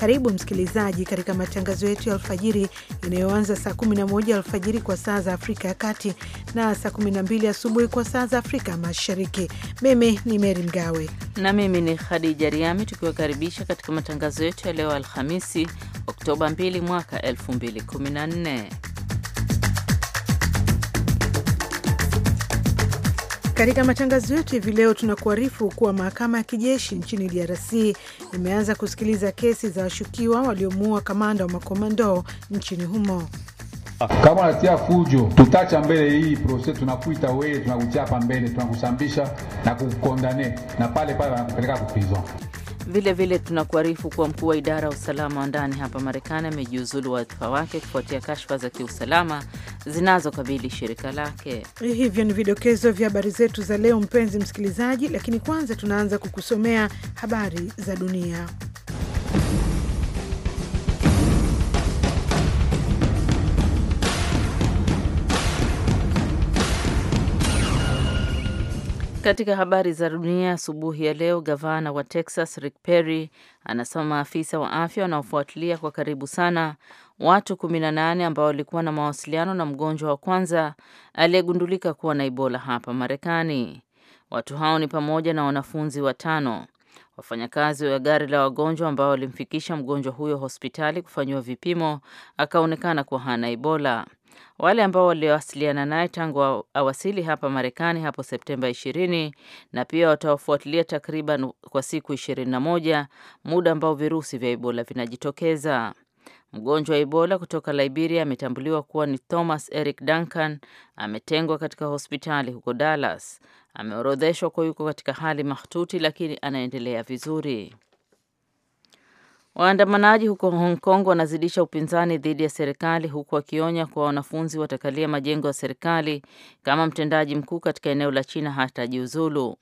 Karibu msikilizaji katika matangazo yetu ya alfajiri inayoanza saa 11 alfajiri kwa saa za Afrika ya Kati na saa 12 asubuhi kwa saa za Afrika Mashariki. Mimi ni Meri Mgawe na mimi ni Khadija Riami, tukiwakaribisha katika matangazo yetu ya leo Alhamisi, Oktoba 2 mwaka 2014. Katika matangazo yetu hivi leo tunakuarifu kuwa mahakama ya kijeshi nchini DRC imeanza kusikiliza kesi za washukiwa waliomuua kamanda wa makomando nchini humo. Kama natia fujo, tutacha mbele hii proses, tunakuita wewe, tunakuchapa mbele, tunakusambisha na kukondane na pale pale wanakupeleka kupizwa. Vilevile tunakuarifu kuwa mkuu wa idara ya usalama wa ndani hapa Marekani amejiuzulu wadhifa wake kufuatia kashfa za kiusalama zinazokabili shirika lake. Hivyo ni vidokezo vya habari zetu za leo, mpenzi msikilizaji, lakini kwanza tunaanza kukusomea habari za dunia. Katika habari za dunia asubuhi ya leo, gavana wa Texas Rick Perry anasema maafisa wa afya wanaofuatilia kwa karibu sana watu 18 ambao walikuwa na mawasiliano na mgonjwa wa kwanza aliyegundulika kuwa na Ebola hapa Marekani. Watu hao ni pamoja na wanafunzi watano. Wafanyakazi wa gari la wagonjwa ambao walimfikisha mgonjwa huyo hospitali kufanyiwa vipimo akaonekana kuwa hana Ebola. Wale ambao waliowasiliana naye tangu awasili hapa Marekani hapo Septemba 20 na pia watawafuatilia takriban kwa siku 21, muda ambao virusi vya Ebola vinajitokeza. Mgonjwa wa Ebola kutoka Liberia ametambuliwa kuwa ni Thomas Eric Duncan, ametengwa katika hospitali huko Dallas ameorodheshwa kwa yuko katika hali mahututi, lakini anaendelea vizuri. Waandamanaji huko Hong Kong wanazidisha upinzani dhidi ya serikali huku wakionya kuwa wanafunzi watakalia majengo ya serikali kama mtendaji mkuu katika eneo la China hatajiuzulu.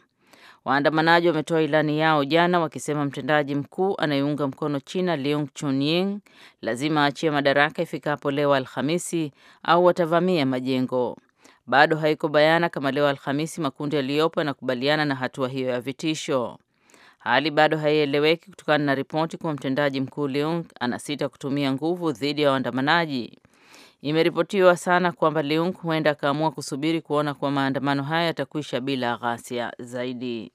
Waandamanaji wametoa ilani yao jana wakisema mtendaji mkuu anayeunga mkono China liung Chunying lazima aachie madaraka ifikapo leo Alhamisi au watavamia majengo bado haiko bayana kama leo Alhamisi makundi yaliyopo yanakubaliana na hatua hiyo ya vitisho. Hali bado haieleweki kutokana na ripoti kuwa mtendaji mkuu Leung anasita kutumia nguvu dhidi ya waandamanaji. Imeripotiwa sana kwamba Leung huenda akaamua kusubiri kuona kuwa maandamano haya yatakwisha bila ghasia zaidi.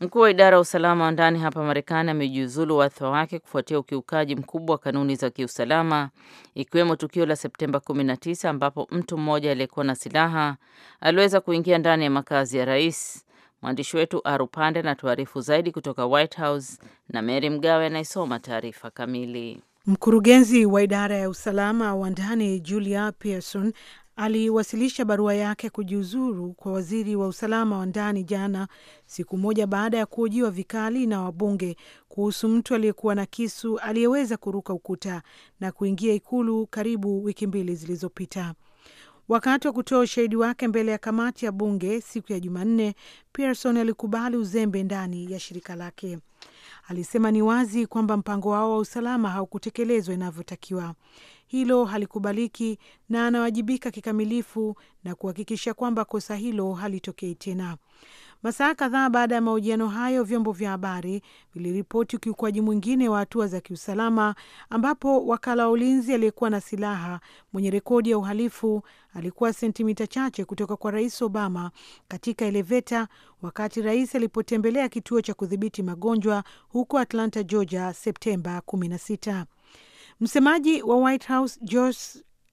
Mkuu wa idara ya usalama wa ndani hapa Marekani amejiuzulu wadhifa wake kufuatia ukiukaji mkubwa wa kanuni za kiusalama, ikiwemo tukio la Septemba 19 ambapo mtu mmoja aliyekuwa na silaha aliweza kuingia ndani ya makazi ya rais. Mwandishi wetu Arupande na tuarifu zaidi kutoka White House, na Mary Mgawe anayesoma taarifa kamili. Mkurugenzi wa idara ya usalama wa ndani Julia Pearson aliwasilisha barua yake kujiuzuru kwa waziri wa usalama wa ndani jana, siku moja baada ya kuhojiwa vikali na wabunge kuhusu mtu aliyekuwa na kisu aliyeweza kuruka ukuta na kuingia ikulu karibu wiki mbili zilizopita. Wakati wa kutoa ushahidi wake mbele ya kamati ya bunge siku ya Jumanne, Pearson alikubali uzembe ndani ya shirika lake. Alisema ni wazi kwamba mpango wao wa usalama haukutekelezwa inavyotakiwa hilo halikubaliki na anawajibika kikamilifu na kuhakikisha kwamba kosa hilo halitokei tena. Masaa kadhaa baada ya mahojiano hayo, vyombo vya habari viliripoti ukiukwaji mwingine wa hatua za kiusalama, ambapo wakala wa ulinzi aliyekuwa na silaha mwenye rekodi ya uhalifu alikuwa sentimita chache kutoka kwa Rais Obama katika eleveta wakati rais alipotembelea kituo cha kudhibiti magonjwa huko Atlanta, Georgia, Septemba sita. Msemaji wa White House George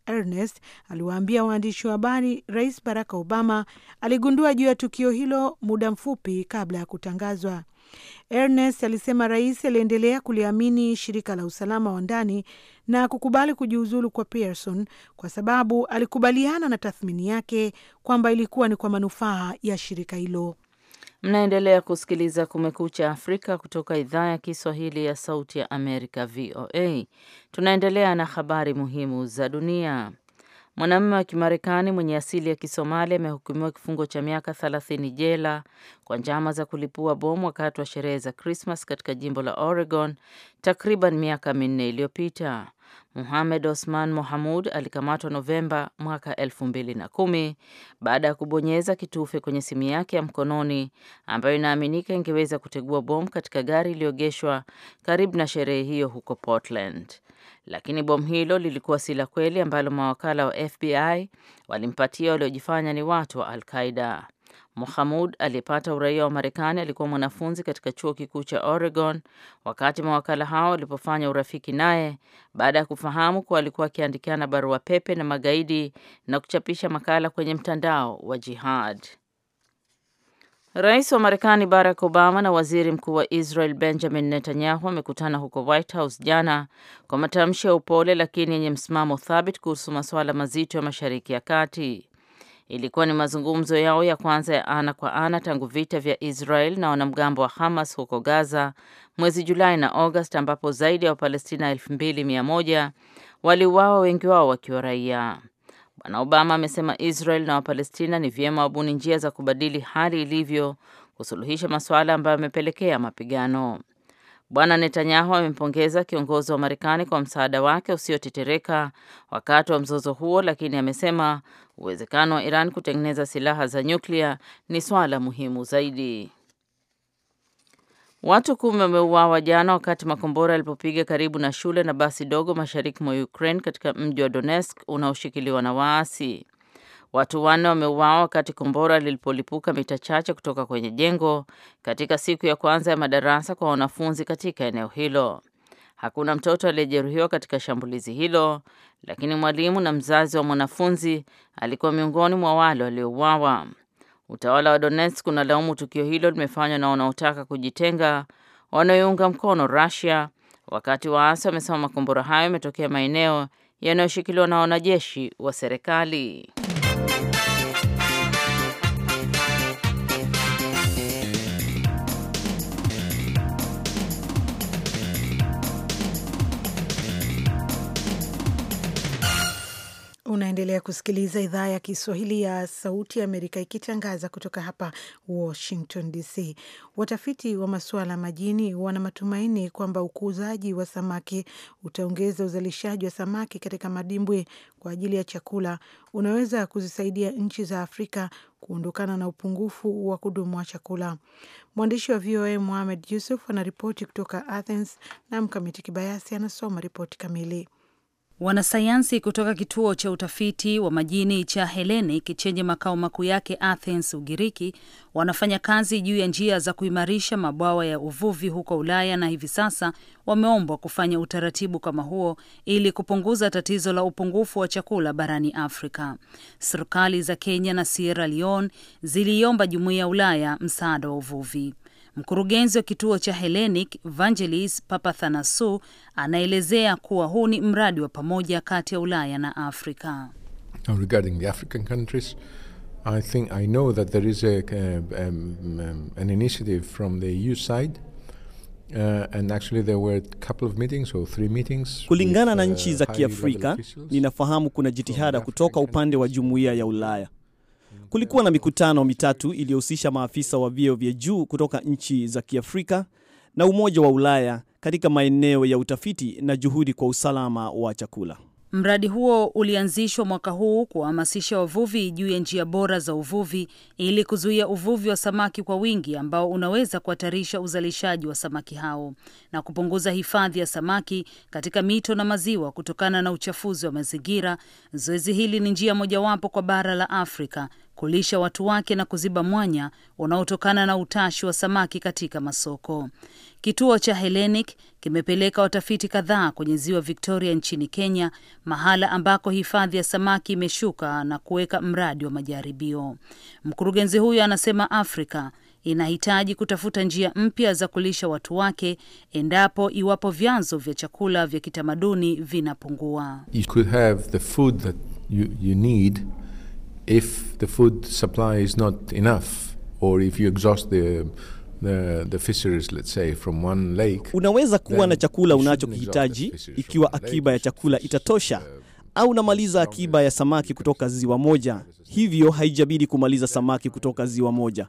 Ernest aliwaambia waandishi wa habari Rais Barack Obama aligundua juu ya tukio hilo muda mfupi kabla ya kutangazwa. Ernest alisema rais aliendelea kuliamini shirika la usalama wa ndani na kukubali kujiuzulu kwa Pearson kwa sababu alikubaliana na tathmini yake kwamba ilikuwa ni kwa manufaa ya shirika hilo. Mnaendelea kusikiliza Kumekucha Afrika kutoka idhaa ya Kiswahili ya Sauti ya Amerika, VOA. Tunaendelea na habari muhimu za dunia. Mwanamume wa Kimarekani mwenye asili ya Kisomali amehukumiwa kifungo cha miaka 30 jela kwa njama za kulipua bomu wakati wa sherehe za Krismas katika jimbo la Oregon takriban miaka minne iliyopita. Muhamed Osman Mohamud alikamatwa Novemba mwaka kumi baada ya kubonyeza kitufe kwenye simu yake ya mkononi ambayo inaaminika ingeweza kutegua bomu katika gari iliyoegeshwa karibu na sherehe hiyo huko Portland. Lakini bomu hilo lilikuwa si la kweli ambalo mawakala wa FBI walimpatia waliojifanya ni watu wa Al-Qaida. Mohamud aliyepata uraia wa Marekani alikuwa mwanafunzi katika chuo kikuu cha Oregon wakati mawakala hao walipofanya urafiki naye baada ya kufahamu kuwa alikuwa akiandikiana barua pepe na magaidi na kuchapisha makala kwenye mtandao wa jihad. Rais wa Marekani Barack Obama na waziri mkuu wa Israel Benjamin Netanyahu wamekutana huko White House jana kwa matamshi ya upole lakini yenye msimamo thabiti kuhusu masuala mazito ya Mashariki ya Kati. Ilikuwa ni mazungumzo yao ya kwanza ya ana kwa ana tangu vita vya Israel na wanamgambo wa Hamas huko Gaza mwezi Julai na August, ambapo zaidi ya Wapalestina 2100 waliuawa, wengi wao wakiwa raia. Bwana Obama amesema Israel na Wapalestina ni vyema wabuni njia za kubadili hali ilivyo kusuluhisha masuala ambayo yamepelekea mapigano. Bwana Netanyahu amempongeza kiongozi wa Marekani kwa msaada wake usiotetereka wakati wa mzozo huo, lakini amesema uwezekano wa Iran kutengeneza silaha za nyuklia ni swala muhimu zaidi. Watu kumi wameuawa jana wakati makombora yalipopiga karibu na shule na basi dogo mashariki mwa Ukraine katika mji wa Donetsk unaoshikiliwa na waasi. Watu wanne wameuawa wakati kombora lilipolipuka mita chache kutoka kwenye jengo katika siku ya kwanza ya madarasa kwa wanafunzi katika eneo hilo. Hakuna mtoto aliyejeruhiwa katika shambulizi hilo, lakini mwalimu na mzazi wa mwanafunzi alikuwa miongoni mwa wale waliouawa. Utawala wa Donetsk unalaumu tukio hilo limefanywa na wanaotaka kujitenga wanaoiunga mkono Russia, wakati waasi wamesema makombora hayo yametokea maeneo yanayoshikiliwa na wanajeshi wa serikali. Unaendelea kusikiliza idhaa ya Kiswahili ya Sauti ya Amerika ikitangaza kutoka hapa Washington DC. Watafiti wa masuala majini wana matumaini kwamba ukuzaji wa samaki utaongeza uzalishaji wa samaki katika madimbwi kwa ajili ya chakula, unaweza kuzisaidia nchi za Afrika kuondokana na upungufu wa kudumu wa chakula. Mwandishi wa VOA Mohamed Yusuf anaripoti kutoka Athens na Mkamiti Kibayasi anasoma ripoti kamili. Wanasayansi kutoka kituo cha utafiti wa majini cha Hellenic chenye makao makuu yake Athens, Ugiriki, wanafanya kazi juu ya njia za kuimarisha mabwawa ya uvuvi huko Ulaya, na hivi sasa wameombwa kufanya utaratibu kama huo ili kupunguza tatizo la upungufu wa chakula barani Afrika. Serikali za Kenya na Sierra Leone ziliiomba jumuiya ya Ulaya msaada wa uvuvi. Mkurugenzi wa kituo cha Hellenic Vangelis papathanasu anaelezea kuwa huu ni mradi wa pamoja kati ya Ulaya na Afrika. Regarding the African countries, I think I know that there is a, um, um an initiative from the EU side Uh, and actually there were a couple of meetings or three meetings kulingana with, uh, na nchi za uh, Kiafrika. Ninafahamu kuna jitihada kutoka upande wa jumuiya ya Ulaya Kulikuwa na mikutano mitatu iliyohusisha maafisa wa vyeo vya juu kutoka nchi za Kiafrika na Umoja wa Ulaya katika maeneo ya utafiti na juhudi kwa usalama wa chakula. Mradi huo ulianzishwa mwaka huu kuwahamasisha wavuvi juu ya njia bora za uvuvi ili kuzuia uvuvi wa samaki kwa wingi ambao unaweza kuhatarisha uzalishaji wa samaki hao na kupunguza hifadhi ya samaki katika mito na maziwa kutokana na uchafuzi wa mazingira. Zoezi hili ni njia mojawapo kwa bara la Afrika kulisha watu wake na kuziba mwanya unaotokana na utashi wa samaki katika masoko. Kituo cha Hellenic kimepeleka watafiti kadhaa kwenye ziwa Victoria nchini Kenya, mahala ambako hifadhi ya samaki imeshuka na kuweka mradi wa majaribio. Mkurugenzi huyo anasema Afrika inahitaji kutafuta njia mpya za kulisha watu wake endapo iwapo vyanzo vya chakula vya kitamaduni vinapungua. You could have the food that you, you need if the food supply is not enough or if you exhaust the The, the fisheries, let's say, from one lake, unaweza kuwa na chakula unachokihitaji ikiwa akiba ya chakula itatosha, uh, au unamaliza akiba ya samaki kutoka ziwa moja. Hivyo haijabidi kumaliza samaki kutoka ziwa moja,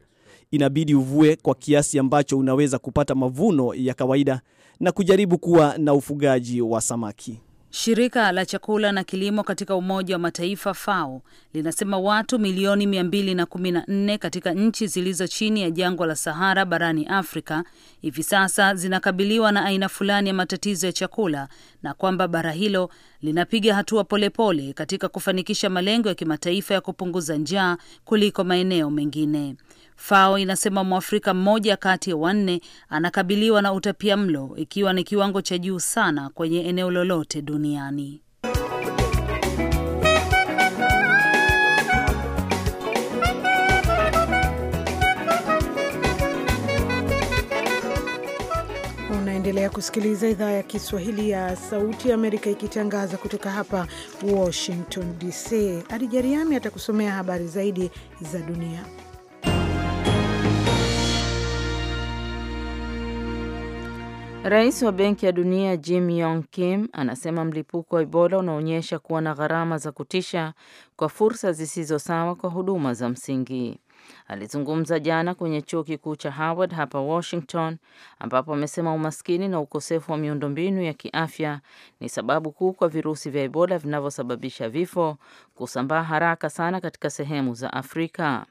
inabidi uvue kwa kiasi ambacho unaweza kupata mavuno ya kawaida na kujaribu kuwa na ufugaji wa samaki. Shirika la chakula na kilimo katika Umoja wa Mataifa FAO linasema watu milioni 214 katika nchi zilizo chini ya jangwa la Sahara barani Afrika hivi sasa zinakabiliwa na aina fulani ya matatizo ya chakula na kwamba bara hilo linapiga hatua polepole pole katika kufanikisha malengo ya kimataifa ya kupunguza njaa kuliko maeneo mengine. FAO inasema Mwafrika mmoja kati ya wanne anakabiliwa na utapia mlo ikiwa ni kiwango cha juu sana kwenye eneo lolote duniani. Unaendelea kusikiliza idhaa ya Kiswahili ya Sauti ya Amerika ikitangaza kutoka hapa Washington DC. Adijariami atakusomea habari zaidi za dunia. Rais wa Benki ya Dunia Jim Yong Kim anasema mlipuko wa Ebola unaonyesha kuwa na gharama za kutisha kwa fursa zisizo sawa kwa huduma za msingi. Alizungumza jana kwenye Chuo Kikuu cha Howard hapa Washington ambapo amesema umaskini na ukosefu wa miundombinu ya kiafya ni sababu kuu kwa virusi vya Ebola vinavyosababisha vifo kusambaa haraka sana katika sehemu za Afrika.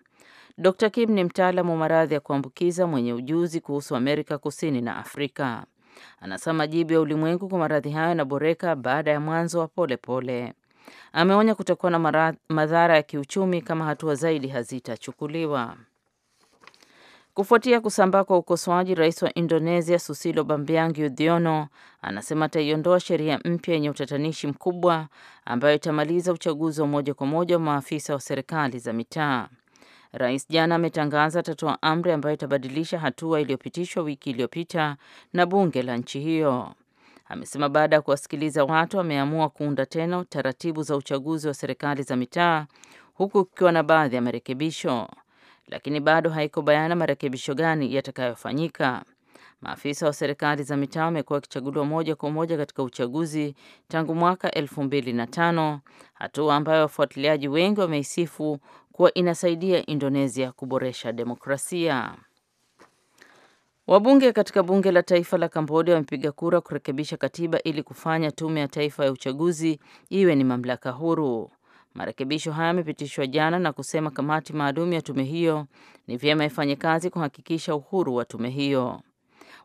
Dr. Kim ni mtaalamu wa maradhi ya kuambukiza mwenye ujuzi kuhusu Amerika Kusini na Afrika. Anasema majibu ya ulimwengu kwa maradhi hayo yanaboreka baada ya mwanzo wa polepole. Ameonya kutakuwa na madhara ya kiuchumi kama hatua zaidi hazitachukuliwa. Kufuatia kusambaa kwa ukosoaji, rais wa Indonesia Susilo Bambang Yudhoyono anasema ataiondoa sheria mpya yenye utatanishi mkubwa ambayo itamaliza uchaguzi wa moja kwa moja wa maafisa wa serikali za mitaa. Rais jana ametangaza atatoa amri ambayo itabadilisha hatua iliyopitishwa wiki iliyopita na bunge la nchi hiyo. Amesema baada ya kuwasikiliza watu ameamua kuunda tena taratibu za uchaguzi wa serikali za mitaa huku kukiwa na baadhi ya marekebisho, lakini bado haiko bayana marekebisho gani yatakayofanyika. Maafisa wa serikali za mitaa wamekuwa wakichaguliwa moja kwa moja katika uchaguzi tangu mwaka elfu mbili na tano, hatua ambayo wafuatiliaji wengi wameisifu kuwa inasaidia Indonesia kuboresha demokrasia. Wabunge katika bunge la taifa la Kambodia wamepiga kura kurekebisha katiba ili kufanya tume ya taifa ya uchaguzi iwe ni mamlaka huru. Marekebisho haya yamepitishwa jana na kusema kamati maalum ya tume hiyo ni vyema ifanye kazi kuhakikisha uhuru wa tume hiyo.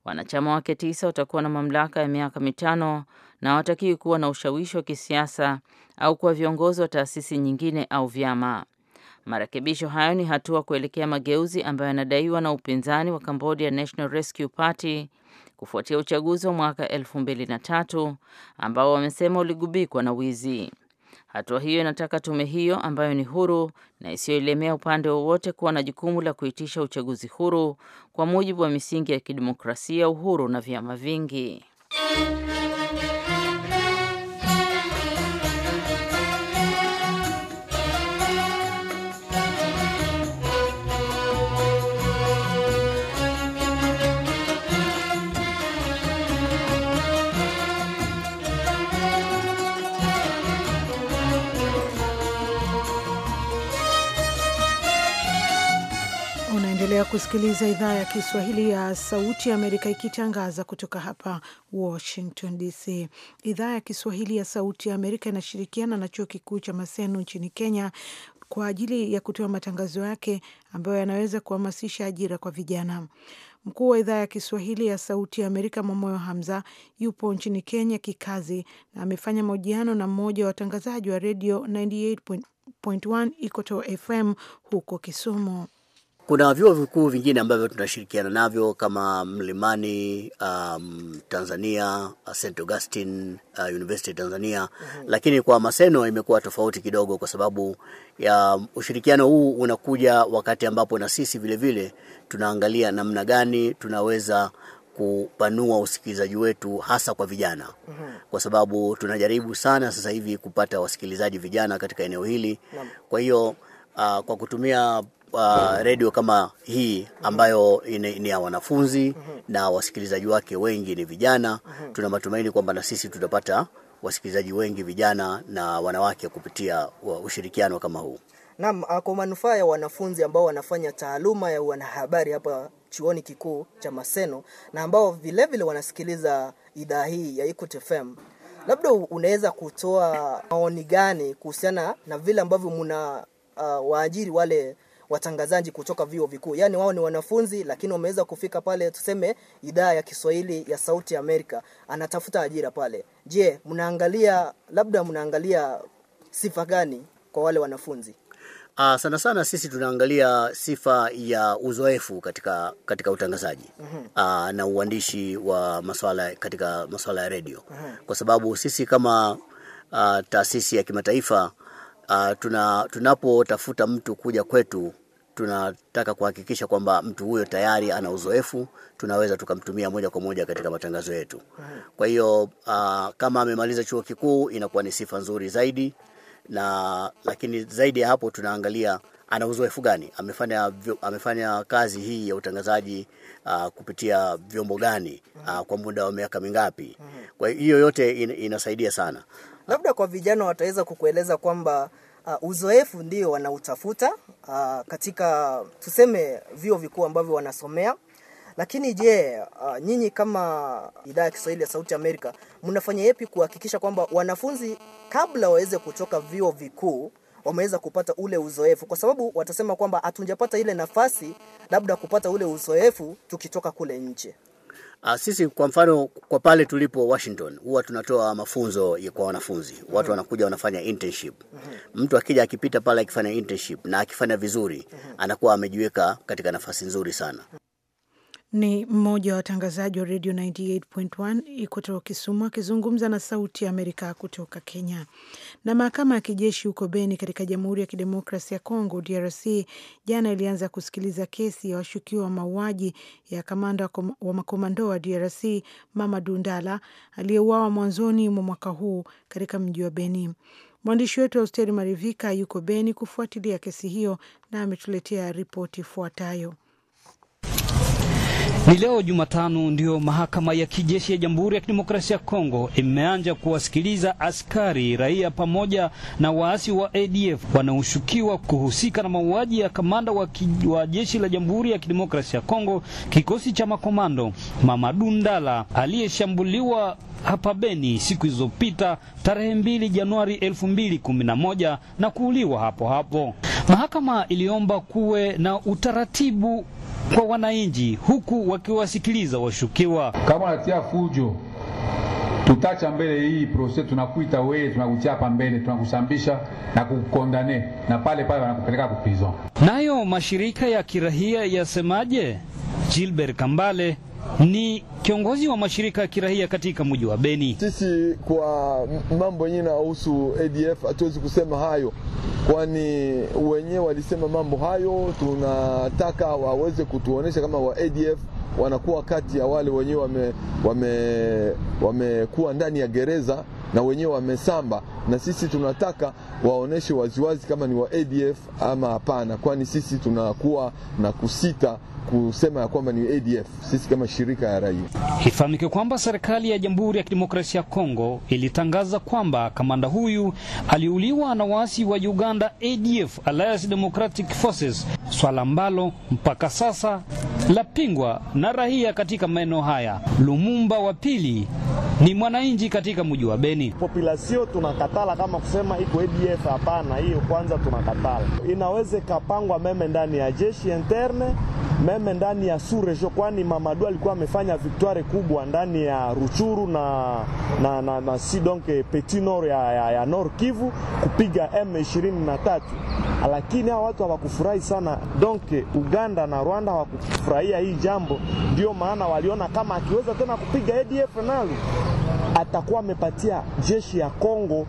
Wanachama wake tisa watakuwa na mamlaka ya miaka mitano na hawatakiwi kuwa na ushawishi wa kisiasa au kuwa viongozi wa taasisi nyingine au vyama. Marekebisho hayo ni hatua kuelekea mageuzi ambayo yanadaiwa na upinzani wa Cambodia National Rescue Party kufuatia uchaguzi wa mwaka elfu mbili na tatu ambao wamesema uligubikwa na wizi. Hatua hiyo inataka tume hiyo ambayo ni huru na isiyoelemea upande wowote kuwa na jukumu la kuitisha uchaguzi huru kwa mujibu wa misingi ya kidemokrasia, uhuru na vyama vingi. Unaendelea kusikiliza idhaa ya Kiswahili ya Sauti ya Amerika ikitangaza kutoka hapa Washington DC. Idhaa ya Kiswahili ya Sauti ya Amerika inashirikiana na Chuo Kikuu cha Maseno nchini Kenya kwa ajili ya kutoa matangazo yake ambayo yanaweza kuhamasisha ajira kwa vijana. Mkuu wa idhaa ya Kiswahili ya Sauti ya Amerika Mwamoyo Hamza yupo nchini Kenya kikazi na amefanya mahojiano na mmoja wa watangazaji wa redio 98.1 Ikoto FM huko Kisumu. Kuna vyuo vikuu vingine ambavyo tunashirikiana navyo kama Mlimani um, Tanzania, uh, St Augustine uh, University Tanzania mm -hmm. Lakini kwa Maseno imekuwa tofauti kidogo, kwa sababu ya um, ushirikiano huu unakuja wakati ambapo na sisi vile vile tunaangalia namna gani tunaweza kupanua usikilizaji wetu hasa kwa vijana mm -hmm. Kwa sababu tunajaribu sana sasa hivi kupata wasikilizaji vijana katika eneo hili mm -hmm. Kwa hiyo uh, kwa kutumia uh, redio kama hii ambayo ni ya wanafunzi na wasikilizaji wake wengi ni vijana, tuna matumaini kwamba na sisi tutapata wasikilizaji wengi vijana na wanawake kupitia ushirikiano kama huu. Naam, ah, kwa manufaa ya wanafunzi ambao wanafanya taaluma ya wanahabari hapa chuoni kikuu cha Maseno na ambao vilevile vile wanasikiliza idhaa hii ya Ikut FM, labda unaweza kutoa maoni gani kuhusiana na vile ambavyo muna uh, waajiri wale watangazaji kutoka vyuo vikuu. Yaani wao ni wanafunzi lakini wameweza kufika pale tuseme idhaa ya Kiswahili ya Sauti Amerika. Anatafuta ajira pale. Je, mnaangalia labda mnaangalia sifa gani kwa wale wanafunzi? Uh, sana sana sisi tunaangalia sifa ya uzoefu katika katika utangazaji mm -hmm. uh, na uandishi wa masuala katika masuala ya redio mm -hmm. kwa sababu sisi kama uh, taasisi ya kimataifa uh, tuna tunapotafuta mtu kuja kwetu tunataka kuhakikisha kwamba mtu huyo tayari ana uzoefu, tunaweza tukamtumia moja kwa moja katika matangazo yetu. Mm-hmm. Kwa hiyo uh, kama amemaliza chuo kikuu inakuwa ni sifa nzuri zaidi, na lakini zaidi ya hapo tunaangalia ana uzoefu gani, amefanya amefanya kazi hii ya utangazaji uh, kupitia vyombo gani uh, kwa muda wa miaka mingapi? Mm-hmm. Kwa hiyo yote in, inasaidia sana. Labda kwa vijana wataweza kukueleza kwamba Uh, uzoefu ndio wanautafuta uh, katika tuseme vio vikuu ambavyo wanasomea. Lakini je, uh, nyinyi kama idhaa ya Kiswahili ya Sauti Amerika mnafanya yepi kuhakikisha kwamba wanafunzi kabla waweze kutoka vio vikuu wameweza kupata ule uzoefu, kwa sababu watasema kwamba hatujapata ile nafasi labda kupata ule uzoefu tukitoka kule nje. Ah, sisi kwa mfano kwa pale tulipo Washington huwa tunatoa mafunzo kwa wanafunzi. Watu mm -hmm. wanakuja wanafanya internship. Mm -hmm. Mtu akija akipita pale akifanya internship na akifanya vizuri mm -hmm. anakuwa amejiweka katika nafasi nzuri sana. Ni mmoja wa watangazaji wa redio 98.1 Ikotoro Kisumu akizungumza na Sauti ya Amerika kutoka Kenya. Na mahakama ya kijeshi huko Beni katika Jamhuri ya Kidemokrasi ya Kongo, DRC, jana ilianza kusikiliza kesi ya washukiwa wa mauaji ya kamanda wa makomando wa DRC mama dundala aliyeuawa mwanzoni mwa mwaka huu katika mji wa Beni. Mwandishi wetu Austeri Marivika yuko Beni kufuatilia kesi hiyo na ametuletea ripoti ifuatayo. Ni leo Jumatano ndio mahakama ya kijeshi ya Jamhuri ya Kidemokrasia ya Kongo imeanza kuwasikiliza askari raia pamoja na waasi wa ADF wanaoshukiwa kuhusika na mauaji ya kamanda wa, ki, wa jeshi la Jamhuri ya Kidemokrasia ya Kongo kikosi cha makomando Mamadu Ndala aliyeshambuliwa hapa Beni siku ilizopita tarehe mbili Januari elfu mbili kumi na moja na kuuliwa hapo hapo. Mahakama iliomba kuwe na utaratibu kwa wananchi, huku wakiwasikiliza washukiwa. Kama wanatia fujo, tutacha mbele hii proses, tunakuita wewe, hapa mbele, tunakusambisha na kukondane, na pale pale wanakupeleka kuprizon Nayo mashirika ya kirahia yasemaje? Gilbert Kambale ni kiongozi wa mashirika ya kiraia katika mji wa Beni. Sisi kwa mambo yenyewe yanayohusu ADF hatuwezi kusema hayo, kwani wenyewe walisema mambo hayo. Tunataka waweze kutuonesha kama wa ADF wanakuwa kati ya wale wenyewe wamekuwa wame, wamekuwa ndani ya gereza na wenyewe wamesamba, na sisi tunataka waoneshe waziwazi kama ni wa ADF ama hapana, kwani sisi tunakuwa na kusita kusema ya kwamba ni ADF sisi kama shirika ya raia. Ifahamike kwamba serikali ya Jamhuri ya Kidemokrasia ya Kongo ilitangaza kwamba kamanda huyu aliuliwa na waasi wa Uganda ADF, Alliance Democratic Forces, swala ambalo mpaka sasa lapingwa na raia katika maeneo haya. Lumumba wa pili ni mwananchi katika mji wa Beni. Populasio tunakatala kama kusema iko ADF, hapana. Hiyo kwanza tunakatala, inaweze kapangwa meme ndani ya jeshi interne meme ndani ya surejo, kwani Mamadu alikuwa amefanya victoire kubwa ndani ya Ruchuru na, na, na, na si donc Petit Nord ya, ya, ya Nord Kivu kupiga M23, lakini hao watu hawakufurahi sana. Donc Uganda na Rwanda hawakufurahia hii jambo, ndio maana waliona kama akiweza tena kupiga ADF nalo atakuwa amepatia jeshi ya Kongo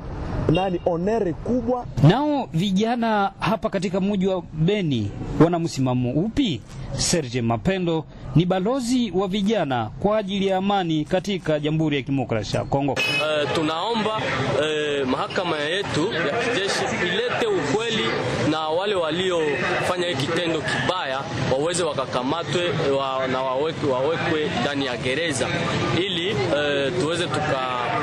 nani onere kubwa. Nao vijana hapa katika mji wa Beni wana msimamo upi? Serge Mapendo ni balozi wa vijana kwa ajili ya amani katika Jamhuri ya Kidemokrasia ya Kongo. Uh, tunaomba uh, mahakama yetu ya kijeshi ilete ukweli na wale waliofanya hiki kitendo kibaya waweze wakakamatwe wa, na wawekwe ndani ya gereza ili eh, tuweze tukaleta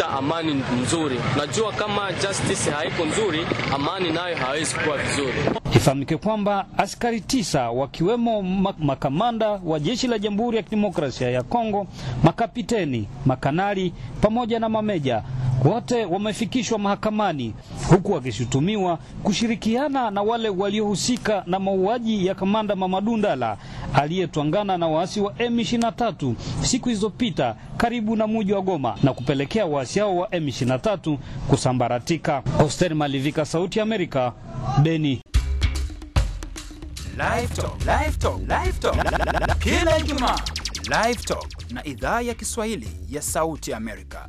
eh, uh, amani nzuri. Najua kama justice haiko nzuri, amani nayo hawezi kuwa vizuri. Ifahamike kwamba askari tisa wakiwemo makamanda wa jeshi la Jamhuri ya Kidemokrasia ya Kongo, makapiteni, makanali pamoja na mameja wote wamefikishwa mahakamani huku wakishutumiwa kushirikiana na wale waliohusika na mauaji ya kamanda mamadundala Ndala aliyetwangana na waasi wa M23 siku zilizopita karibu na muji wa Goma na kupelekea waasi hao wa M23 kusambaratika. Oster Malivika, Sauti Amerika, Beni. Live Talk, Live Talk, Live Talk. Kila Ijumaa Live Talk na idhaa ya Kiswahili ya Sauti Amerika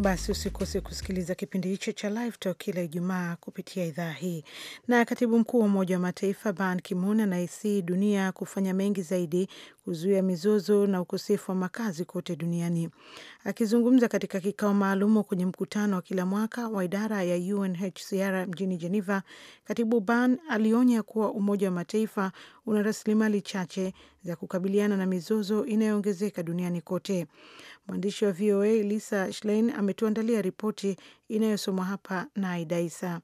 Basi usikose kusikiliza kipindi hicho cha Live Talk kila Ijumaa kupitia idhaa hii. Na katibu mkuu wa Umoja wa Mataifa Ban Ki-moon dunia kufanya mengi zaidi kuzuia mizozo na ukosefu wa makazi kote duniani. Akizungumza katika kikao maalumu kwenye mkutano wa kila mwaka wa idara ya UNHCR mjini Geneva, katibu Ban alionya kuwa Umoja wa Mataifa una rasilimali chache za kukabiliana na mizozo inayoongezeka duniani kote. Mwandishi wa VOA Lisa Schlein ametuandalia ripoti inayosomwa hapa na Aida Isa.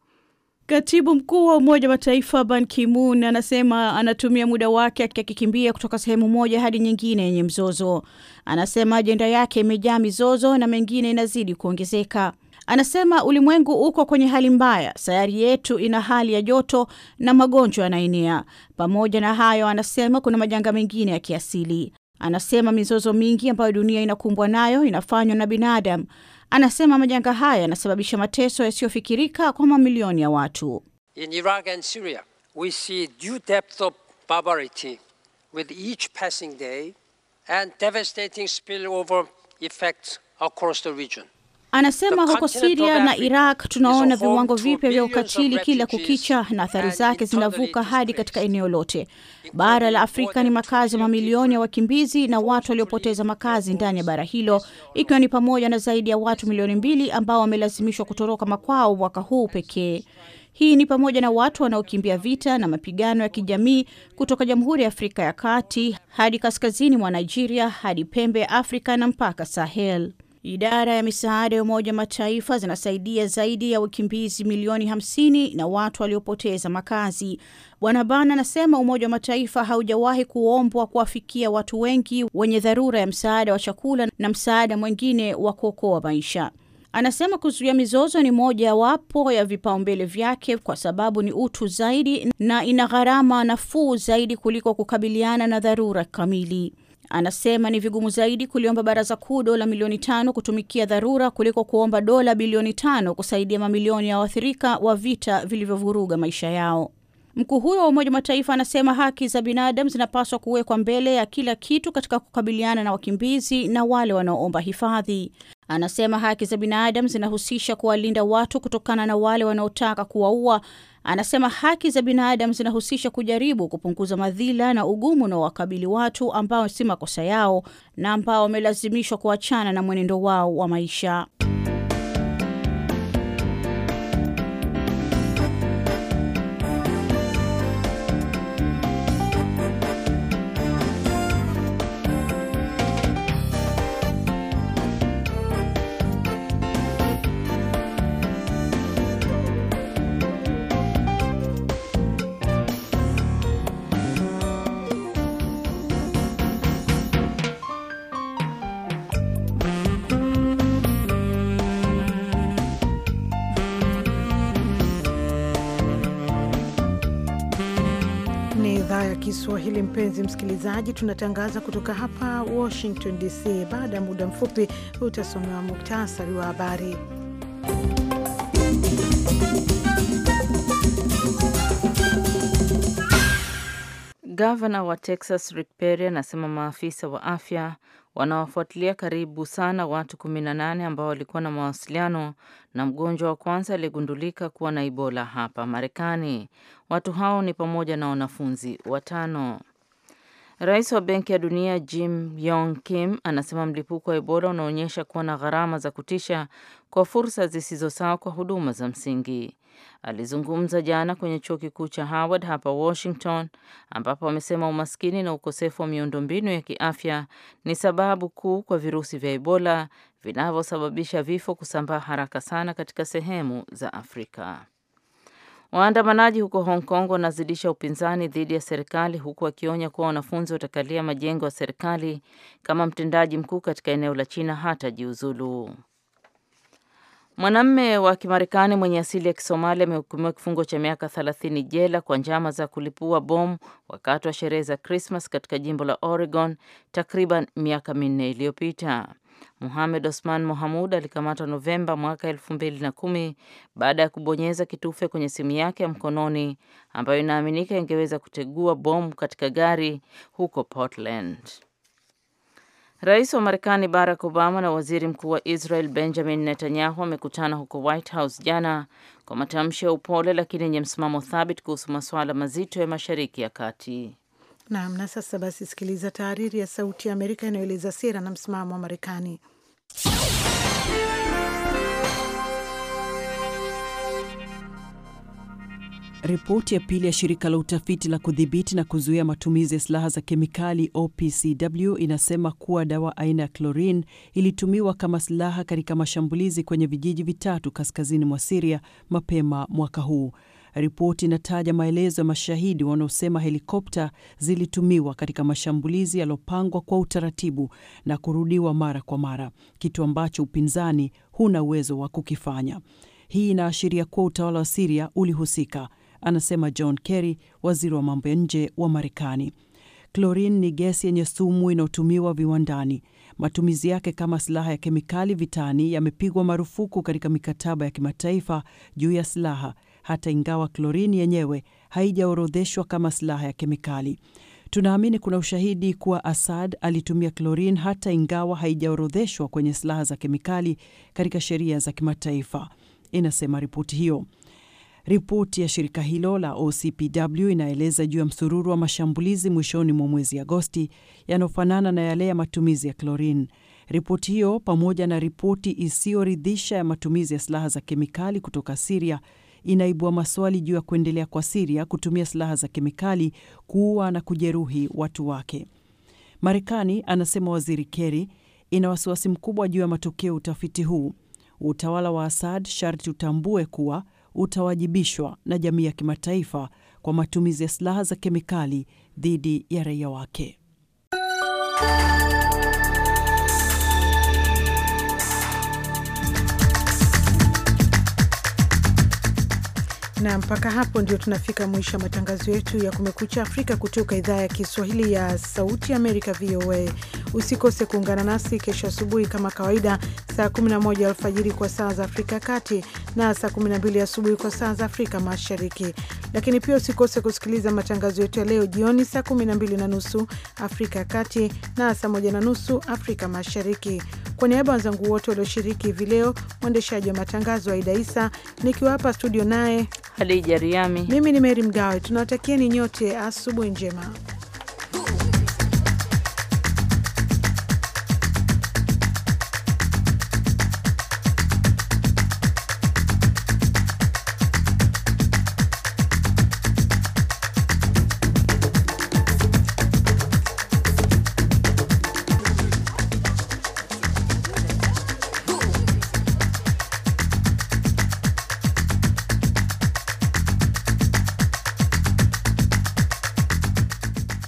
Katibu mkuu wa Umoja wa Mataifa Ban Ki-moon anasema anatumia muda wake akikimbia kutoka sehemu moja hadi nyingine yenye mzozo. Anasema ajenda yake imejaa mizozo na mengine inazidi kuongezeka. Anasema ulimwengu uko kwenye hali mbaya, sayari yetu ina hali ya joto na magonjwa yanaenea. Pamoja na hayo, anasema kuna majanga mengine ya kiasili. Anasema mizozo mingi ambayo dunia inakumbwa nayo inafanywa na binadamu anasema majanga haya yanasababisha mateso yasiyofikirika kwa mamilioni ya watu. In Iraq and Syria, we see due depth of barbarity with each passing day and devastating spillover effects across the region. Anasema huko Siria na Iraq tunaona viwango vipya vya ukatili kila kukicha, na athari zake zinavuka hadi katika eneo lote. Bara la Afrika ni makazi ya mamilioni ya wakimbizi na watu waliopoteza makazi ndani ya bara hilo, ikiwa ni pamoja na zaidi ya watu milioni mbili ambao wamelazimishwa kutoroka makwao mwaka huu pekee. Hii ni pamoja na watu wanaokimbia vita na mapigano ya kijamii kutoka Jamhuri ya Afrika ya Kati hadi kaskazini mwa Nigeria hadi pembe ya Afrika na mpaka Sahel. Idara ya misaada ya Umoja wa Mataifa zinasaidia zaidi ya wakimbizi milioni 50 na watu waliopoteza makazi. Bwana Ban anasema Umoja wa Mataifa haujawahi kuombwa kuwafikia watu wengi wenye dharura ya msaada wa chakula na msaada mwingine wa kuokoa maisha. Anasema kuzuia mizozo ni moja wapo ya vipaumbele vyake kwa sababu ni utu zaidi na ina gharama nafuu zaidi kuliko kukabiliana na dharura kamili anasema ni vigumu zaidi kuliomba baraza kuu dola milioni tano kutumikia dharura kuliko kuomba dola bilioni tano kusaidia mamilioni ya waathirika wa vita vilivyovuruga maisha yao. Mkuu huyo wa Umoja Mataifa anasema haki za binadamu zinapaswa kuwekwa mbele ya kila kitu katika kukabiliana na wakimbizi na wale wanaoomba hifadhi. Anasema haki za binadamu zinahusisha kuwalinda watu kutokana na wale wanaotaka kuwaua Anasema haki za binadamu zinahusisha kujaribu kupunguza madhila na ugumu unaowakabili watu ambao si makosa yao na ambao wamelazimishwa kuachana na mwenendo wao wa maisha. Kiswahili. Mpenzi msikilizaji, tunatangaza kutoka hapa Washington DC. Baada ya muda mfupi utasomewa muktasari wa habari. Gavana wa Texas Rick Perry anasema maafisa wa afya wanawafuatilia karibu sana watu 18 ambao walikuwa na mawasiliano na mgonjwa wa kwanza aliyegundulika kuwa na Ebola hapa Marekani. Watu hao ni pamoja na wanafunzi watano. Rais wa Benki ya Dunia Jim Yong Kim anasema mlipuko wa Ebola unaonyesha kuwa na gharama za kutisha kwa fursa zisizo sawa kwa huduma za msingi. Alizungumza jana kwenye chuo kikuu cha Howard hapa Washington, ambapo amesema umaskini na ukosefu wa miundombinu ya kiafya ni sababu kuu kwa virusi vya Ebola vinavyosababisha vifo kusambaa haraka sana katika sehemu za Afrika. Waandamanaji huko Hong Kong wanazidisha upinzani dhidi ya serikali huku wakionya kuwa wanafunzi watakalia majengo ya serikali kama mtendaji mkuu katika eneo la China hata jiuzulu mwanamme wa Kimarekani mwenye asili ya kisomali amehukumiwa kifungo cha miaka 30 jela kwa njama za kulipua bomu wakati wa sherehe za Krismas katika jimbo la Oregon takriban miaka minne iliyopita. muhamed Osman Mohamud alikamatwa Novemba mwaka 2010 baada ya kubonyeza kitufe kwenye simu yake ya mkononi ambayo inaaminika ingeweza kutegua bomu katika gari huko Portland. Rais wa Marekani Barack Obama na waziri mkuu wa Israel Benjamin Netanyahu wamekutana huko White House jana kwa matamshi ya upole lakini yenye msimamo thabiti kuhusu masuala mazito ya Mashariki ya Kati. Naam, na sasa basi sikiliza tahariri ya Sauti ya Amerika inayoeleza sera na msimamo wa Marekani. Ripoti ya pili ya shirika la utafiti la kudhibiti na kuzuia matumizi ya silaha za kemikali OPCW inasema kuwa dawa aina ya chlorine ilitumiwa kama silaha katika mashambulizi kwenye vijiji vitatu kaskazini mwa Siria mapema mwaka huu. Ripoti inataja maelezo ya mashahidi wanaosema helikopta zilitumiwa katika mashambulizi yaliyopangwa kwa utaratibu na kurudiwa mara kwa mara, kitu ambacho upinzani huna uwezo wa kukifanya. Hii inaashiria kuwa utawala wa Siria ulihusika anasema John Kerry, waziri wa mambo ya nje wa Marekani. clorin ni gesi yenye sumu inayotumiwa viwandani. Matumizi yake kama silaha ya kemikali vitani yamepigwa marufuku katika mikataba ya kimataifa juu ya silaha, hata ingawa klorini yenyewe haijaorodheshwa kama silaha ya kemikali. Tunaamini kuna ushahidi kuwa Assad alitumia clorin hata ingawa haijaorodheshwa kwenye silaha za kemikali katika sheria za kimataifa, inasema ripoti hiyo. Ripoti ya shirika hilo la OCPW inaeleza juu ya msururu wa mashambulizi mwishoni mwa mwezi Agosti yanayofanana na yale ya matumizi ya klorini. Ripoti hiyo pamoja na ripoti isiyoridhisha ya matumizi ya silaha za kemikali kutoka Siria inaibua maswali juu ya kuendelea kwa Siria kutumia silaha za kemikali kuua na kujeruhi watu wake. Marekani, anasema Waziri Kerry, ina wasiwasi mkubwa juu ya matokeo ya utafiti huu. Utawala wa Asad sharti utambue kuwa utawajibishwa na jamii ya kimataifa kwa matumizi ya silaha za kemikali dhidi ya raia wake. na mpaka hapo ndio tunafika mwisho wa matangazo yetu ya Kumekucha Afrika kutoka idhaa ya Kiswahili ya Sauti Amerika, VOA. Usikose kuungana nasi kesho asubuhi kama kawaida, saa 11 alfajiri kwa saa za Afrika kati na saa 12 asubuhi kwa saa za Afrika Mashariki lakini pia usikose kusikiliza matangazo yetu ya leo jioni saa 12 na nusu Afrika ya Kati na saa 1 na nusu Afrika Mashariki. Kwa niaba ya wenzangu wote walioshiriki hivi leo, mwendeshaji wa matangazo Aida Isa nikiwa hapa studio naye Hadija Riami, mimi ni Meri Mgawe. Tunawatakieni nyote asubuhi njema.